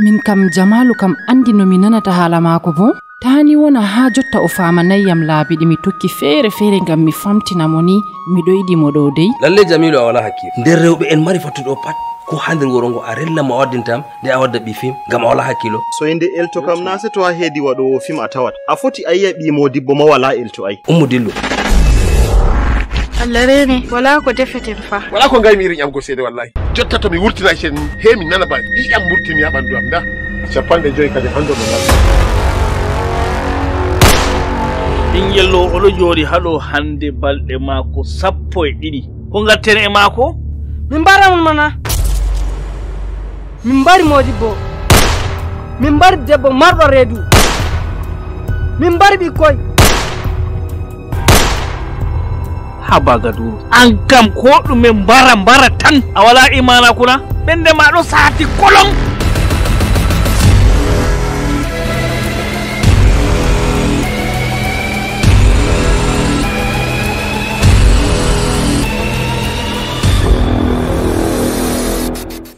min kam jamalu kam andi no mi nanata haala mako bo tani wona ha jotta o famanayi yam laabi ɗi mi tokki feere feere ngam mi famtinamo ni miɗo yiɗimo ɗo dey lalle jamilu a wala hakkilo nder rewɓe en mari fattuɗo pat ko ha nder wuro ngo a rella ma waddintam nde a wadda ɓifim fim ngam a wala hakkilo so nde elto kam na se to a heedi waɗowo fim a tawat a foti ayiya yiya ɓimo dibbo ma wala elto ay ummu dillo allah rene wala ko defeten fa wala ko ngaymi irin ƴamgo seede wallahi jotta to mi wurtinay sen he mi nana ba ɗiɗam wurtini ha ɓanndu am da capanɗe joyi kadi hanɗo no nana ɓinguel o oɗo jooɗi haɗo hande balɗe maako sappo e ɗiɗi ko ngatten e maako min mbaramon mana min mbari bo min mbari debbo marɗo reedu min mbari ɓikkoye haba gadu an gam ko ɗumen baran bara tan a wala imana kuna ɓen ma sati